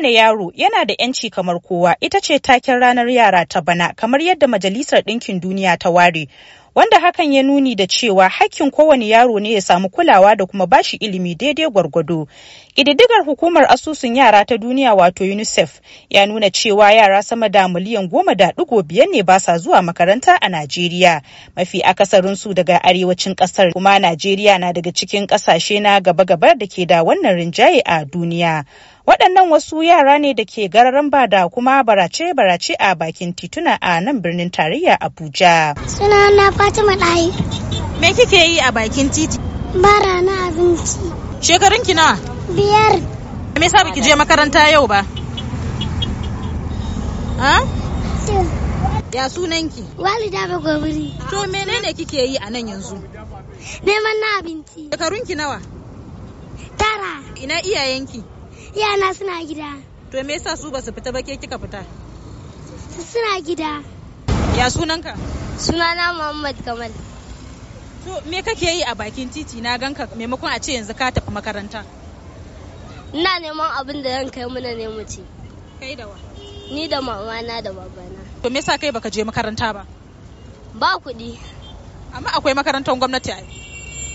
Kowane yaro yana da 'yanci kamar kowa ita ce taken ranar yara ta bana kamar yadda Majalisar Ɗinkin Duniya ta ware. Wanda hakan ya nuni da cewa hakkin kowane yaro ne ya samu kulawa da kuma bashi ilimi daidai gwargwado. Ƙididdigar hukumar asusun yara ta duniya wato UNICEF ya nuna cewa yara sama da miliyan goma da ɗigo biyar ne ba sa zuwa makaranta a Najeriya. Mafi akasarin su daga arewacin ƙasar kuma Najeriya na daga cikin ƙasashe na gaba-gaba da ke da wannan rinjaye a duniya. waɗannan wasu yara ne da ke gararan ba da kuma barace-barace a bakin tituna a nan birnin tarayya abuja Suna na fatima ɗayi me kike yi a bakin titi bara na abinci shekarun ki nawa biyar me yasa biki je makaranta yau ba ha ya sunanki walida bagobiri to menene kike yi a nan yanzu neman na abinci shekarun ki nawa tara ina iyayenki yana suna gida to me yasa su ba su fita ba ke kika fita suna gida ya sunanka sunana muhammad kamal to me kake yi a bakin titi na ganka maimakon a ce yanzu ka tafi makaranta ina neman abin da zan kai muna ne mu ci kai da wa ni da mama na da babana to me yasa kai baka je makaranta ba ba kuɗi amma akwai makarantar gwamnati a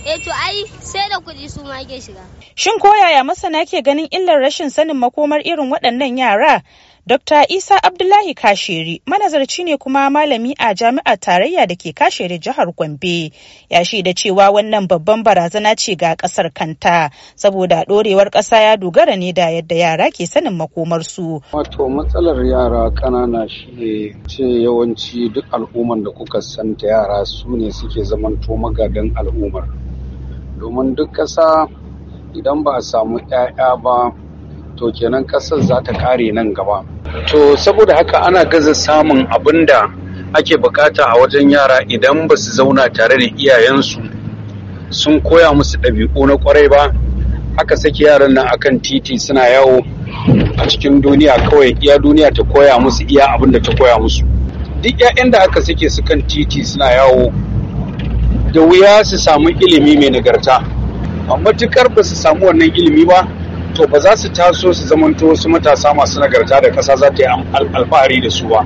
eh to ai sai da kuɗi su ma ke shiga shin koyaya masana ke ganin illar rashin sanin makomar irin waɗannan yara Dr. Isa Abdullahi Kashiri manazarci ne kuma malami a jami'ar tarayya da ke Kashiri jihar Gombe ya da cewa wannan babban barazana ce ga ƙasar kanta saboda ɗorewar ƙasa ya dogara ne da yadda yara ke sanin makomarsu. Wato matsalar yara ƙanana shi ce yawanci duk al'ummar da kuka santa yara su ne suke zamanto magadan al'ummar. domin duk ƙasa idan ba a samu 'ya'ya ba to kenan ƙasar za ta ƙare nan gaba to saboda haka ana gaza samun abin da ake buƙata a wajen yara idan ba su zauna tare da iyayensu sun koya musu ɗabi'u na ƙwarai ba aka sake yaran nan akan titi suna yawo a cikin duniya kawai iya duniya ta koya musu iya abin da ta koya musu duk 'ya'yan da aka sake su kan titi suna yawo da wuya su samu ilimi mai nagarta matukar ba su samu wannan ilimi ba to ba za su taso su zamanto wasu matasa masu nagarta da ƙasa za ta yi alfahari da su ba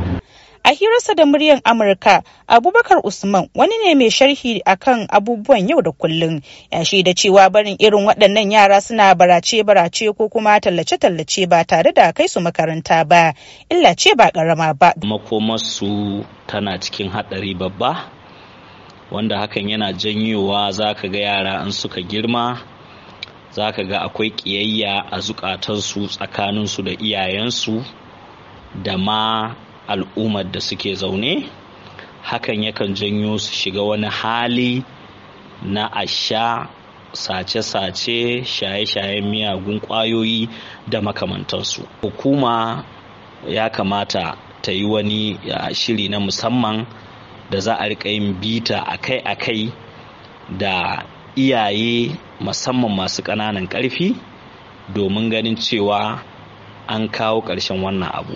a hirarsa da muryar amurka abubakar usman wani ne mai sharhi akan abubuwan yau da kullun. ya da cewa barin irin waɗannan yara suna barace-barace ko kuma tallace-tallace ba tare da kai su makaranta ba illa ce ba ƙarama ba makomarsu tana cikin haɗari babba wanda hakan yana janyowa za ka ga yara in suka girma za ka ga akwai ƙiyayya a zukatansu tsakaninsu da iyayensu da ma al'ummar da suke zaune hakan yakan janyo su shiga wani hali na asha sace-sace shaye-shayen miyagun ƙwayoyi da makamantansu hukuma ya kamata ta yi wani shiri na musamman da za a rika yin bita akai-akai da iyaye musamman masu ƙananan ƙarfi domin ganin cewa an kawo ƙarshen wannan abu.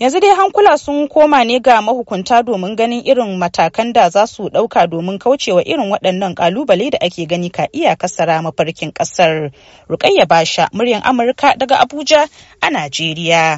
yanzu dai hankula sun koma ne ga mahukunta domin ganin irin matakan da za su ɗauka domin kaucewa irin waɗannan ƙalubale da ake gani ka iya kasara mafarkin ƙasar rukayya basha muryan amurka daga abuja a najeriya